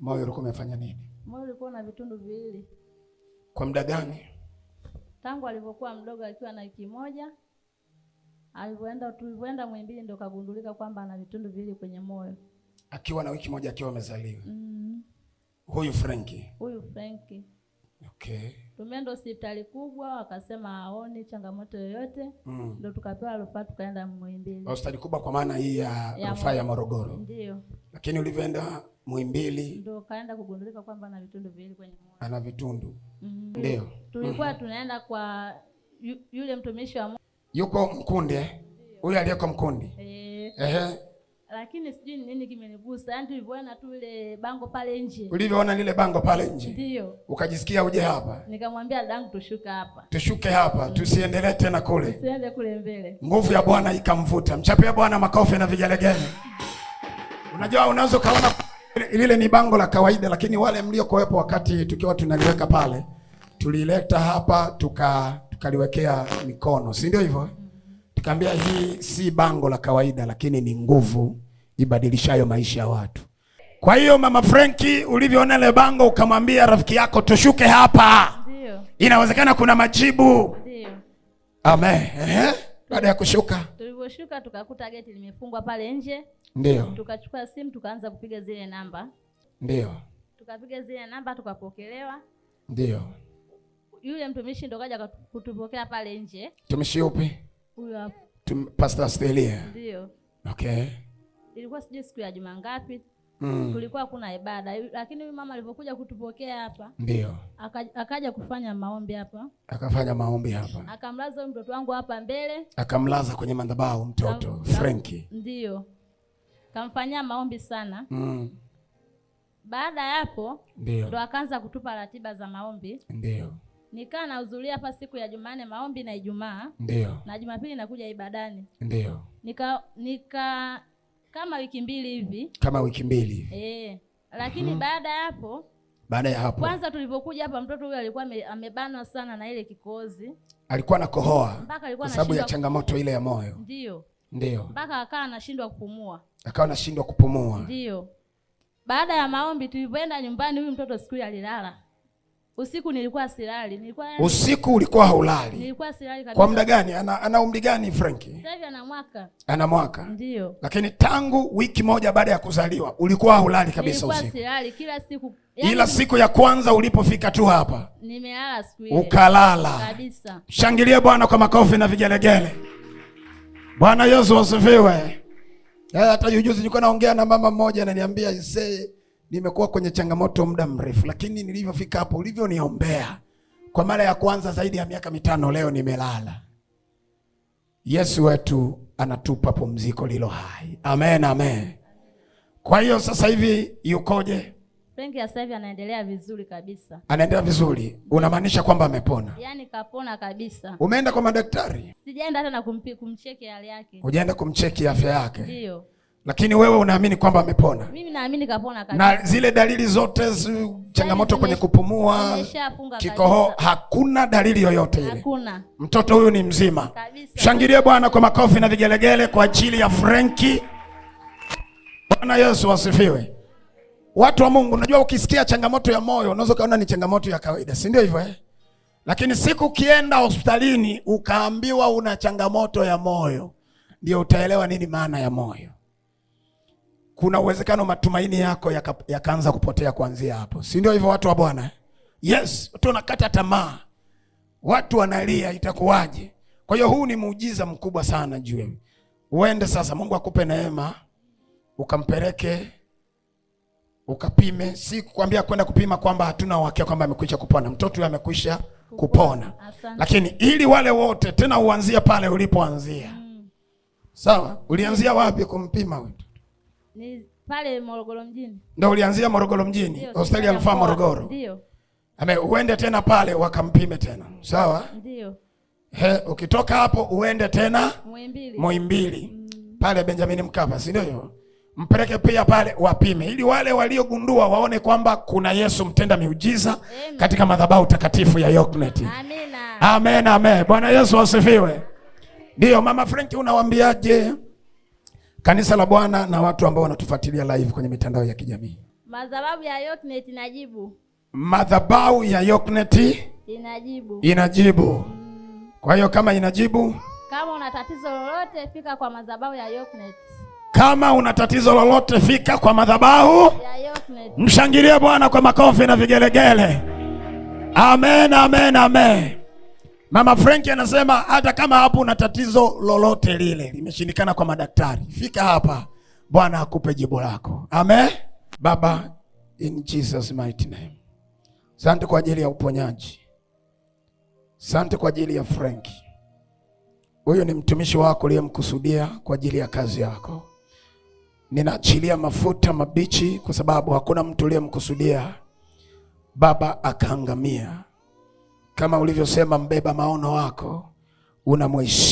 Moyo ulikuwa umefanya nini? Moyo ulikuwa na vitundu viwili. Kwa muda gani? Tangu alivyokuwa mdogo akiwa na wiki moja, alivyoenda tulivyoenda Mwimbili ndio kagundulika kwamba ana vitundu viwili kwenye moyo. Akiwa na wiki moja akiwa amezaliwa. Mm. Huyu Franki. Huyu Franki okay. Tumeenda hospitali kubwa, wakasema haoni changamoto yoyote mm. Ndo tukapewa rufaa tukaenda Muhimbili. Hospitali kubwa kwa maana hii ya rufaa ya Morogoro ndio. Lakini ulivyoenda Muhimbili ndio kaenda kugundulika kwamba ana vitundu viwili kwenye moyo, ana vitundu mm. Ndio tulikuwa mm. tunaenda kwa yule mtumishi wa Mungu yuko Mkunde, huyo aliyeko Mkunde Eh. ehe lakini sijui nini kimenigusa, yaani tulivyoona tu ile bango pale nje, ulivyoona lile bango pale nje, ndio ukajisikia uje hapa. Nikamwambia dangu tushuke hapa, tushuke hapa mm, tusiendelee tena kule, tusiende kule mbele. Nguvu ya Bwana ikamvuta. Mchapia Bwana makofi na vigelegele. Unajua, unaweza ukaona lile ni bango la kawaida, lakini wale mliokuwepo wakati tukiwa tunaliweka pale, tulileta hapa tuka tukaliwekea mikono, si ndio hivyo? Nikaambia hii si bango la kawaida, lakini ni nguvu ibadilishayo maisha ya watu. Kwa hiyo mama Frenki, ulivyoona ile bango ukamwambia rafiki yako tushuke hapa, ndio inawezekana kuna majibu. Ndio, amen. Ehe, baada ya kushuka, tulivyoshuka tukakuta geti limefungwa pale nje. Ndio, tukachukua simu tukaanza kupiga zile namba. Ndio, tukapiga zile namba tukapokelewa. Ndio, yule mtumishi ndo kaja kutupokea pale nje. Mtumishi upi? Huyo Pastor Stelia. Ndio. Okay. Ilikuwa sijui siku ya juma ngapi Mm. Kulikuwa kuna ibada lakini huyu mama alivyokuja kutupokea hapa ndio akaja kufanya maombi hapa, akafanya maombi hapa, akamlaza huyu mtoto wangu hapa mbele, akamlaza kwenye madhabahu mtoto Kam... Frenki ndio kamfanyia maombi sana mm. Baada ya hapo ndio akaanza kutupa ratiba za maombi ndio nikaa nahudhuria hapa siku ya Jumanne maombi na Ijumaa ndio, na Jumapili nakuja ibadani ndio, nika nika kama wiki mbili hivi kama wiki mbili e, lakini mm. hmm baada ya hapo baada ya hapo kwanza, tulivyokuja hapa, mtoto huyo alikuwa amebanwa sana na ile kikozi, alikuwa nakohoa kwa sababu ya changamoto ile ya moyo, ndio ndio, mpaka akawa anashindwa kupumua, akawa anashindwa kupumua. Ndio baada ya maombi tulivyoenda nyumbani, huyu mtoto siku ile alilala Usiku nilikuwa silali, nilikuwa yaani usiku ulikuwa haulali? Nilikuwa silali kabisa. Kwa muda gani? Ana, ana umri gani Franki? Sasa hivi ana mwaka. Ana mwaka. Ndio. Lakini tangu wiki moja baada ya kuzaliwa ulikuwa haulali kabisa usiku? Nilikuwa silali kila siku. Yani, ila siku ya kwanza ulipofika tu hapa nimelala siku ile. Ukalala. Kabisa. Shangilie Bwana kwa makofi na vigelegele. Bwana Yesu asifiwe. Eh, hata juzi nilikuwa naongea na mama mmoja ananiambia isee nimekuwa kwenye changamoto muda mrefu, lakini nilivyofika hapo, ulivyoniombea kwa mara ya kwanza zaidi ya miaka mitano, leo nimelala. Yesu wetu anatupa pumziko lilo hai. Amen, amen. Kwa hiyo sasa hivi yukoje? Frenki sasa hivi anaendelea vizuri kabisa. Anaendelea vizuri. Unamaanisha kwamba amepona? Yaani kapona kabisa. Umeenda kwa madaktari? Sijaenda hata na kumcheki hali yake. Hujaenda kumcheki afya yake? Ndio lakini wewe unaamini kwamba amepona. Mimi naamini kapona kabisa. Na zile dalili zote zi, changamoto yaani kwenye kupumua, kikohoa, hakuna dalili yoyote ile. Hakuna. Mtoto huyu ni mzima kabisa. Shangilie Bwana kwa makofi na vigelegele kwa ajili ya Frenki. Bwana Yesu asifiwe. Watu wa Mungu, unajua ukisikia changamoto ya moyo unaweza kaona ni changamoto ya kawaida, si ndio hivyo eh? Lakini siku ukienda hospitalini ukaambiwa una changamoto ya moyo, ndio utaelewa nini maana ya moyo kuna uwezekano matumaini yako yakaanza ya kupotea kuanzia hapo, si ndio hivyo watu wa Bwana? Eh? Yes, watu wanakata tamaa, watu wanalia itakuwaje? Kwa hiyo huu ni muujiza mkubwa sana juu yenu. Uende sasa, Mungu akupe neema, ukampeleke ukapime. Si kukwambia kwenda kupima kwamba hatuna uhakika kwamba amekwisha kupona, mtoto huyo amekwisha kupona, lakini ili wale wote tena uanzie pale ulipoanzia. Mm. Sawa, ulianzia wapi kumpima wewe? Ni pale Morogoro mjini. Ndio ulianzia Morogoro mjini, hospitali ya Rufaa Morogoro. Ndio. Ame uende tena pale wakampime tena. Sawa? Ndio. He, ukitoka hapo uende tena Muimbili. Muimbili. Mm. Pale Benjamin Mkapa, si ndio? Mpeleke pia pale wapime ili wale waliogundua waone kwamba kuna Yesu mtenda miujiza Amen. Katika madhabahu takatifu ya Yoknet. Amina. Amen, amen. Bwana Yesu asifiwe. Ndio, Mama Frank unawaambiaje? kanisa la Bwana na watu ambao wanatufuatilia live kwenye mitandao ya kijamii. Madhabahu ya Yoknet inajibu. Madhabahu ya Yoknet inajibu. Inajibu. Kwa hiyo kama inajibu, kama una tatizo lolote fika kwa madhabahu ya Yoknet. Kama una tatizo lolote fika kwa madhabahu ya Yoknet. Mshangilie Bwana kwa makofi na vigelegele. Amen, amen, amen. Mama Frank anasema hata kama hapo una tatizo lolote lile limeshindikana kwa madaktari, fika hapa, Bwana akupe jibu lako. Amen. Baba, in Jesus mighty name, asante kwa ajili ya uponyaji, asante kwa ajili ya Frank. Huyu ni mtumishi wako uliyemkusudia kwa ajili ya kazi yako. Ninaachilia mafuta mabichi, kwa sababu hakuna mtu uliyemkusudia Baba akaangamia kama ulivyosema, mbeba maono wako unamheshimu.